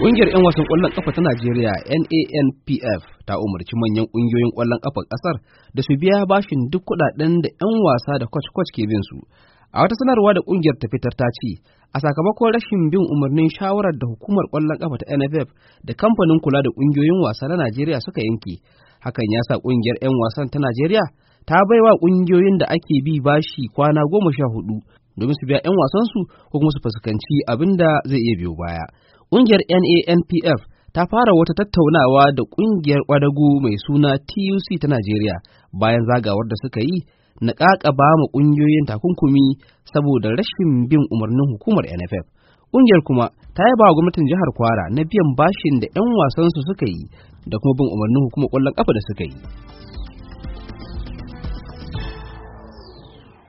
Ƙungiyar 'yan wasan ƙwallon ƙafa ta Najeriya NANPF ta umarci manyan ƙungiyoyin ƙwallon ƙafar ƙasar da su biya bashin duk kuɗaɗen da 'yan wasa da kwac-kwac ke bin su. A wata sanarwa da ƙungiyar ta fitar ta ce, a sakamakon rashin bin umarnin shawarar da hukumar ƙwallon ƙafa ta NFF da kamfanin kula da ƙungiyoyin wasa na Najeriya suka yanke, hakan ya sa ƙungiyar 'yan wasan ta Najeriya ta bai wa ƙungiyoyin da ake bi bashi kwana goma sha hudu domin su biya 'yan wasansu ko kuma su fuskanci abin da zai iya biyo baya. ƙungiyar NANPF ta fara wata tattaunawa da ƙungiyar ƙwadago mai suna TUC ta Najeriya bayan zagawar da suka yi na ƙaƙaba ma ƙungiyoyin takunkumi saboda rashin bin umarnin hukumar NFF. Ƙungiyar kuma ta yaba wa gwamnatin jihar Kwara na biyan bashin da 'yan wasansu suka yi da kuma bin umarnin hukumar ƙwallon ƙafa da suka yi.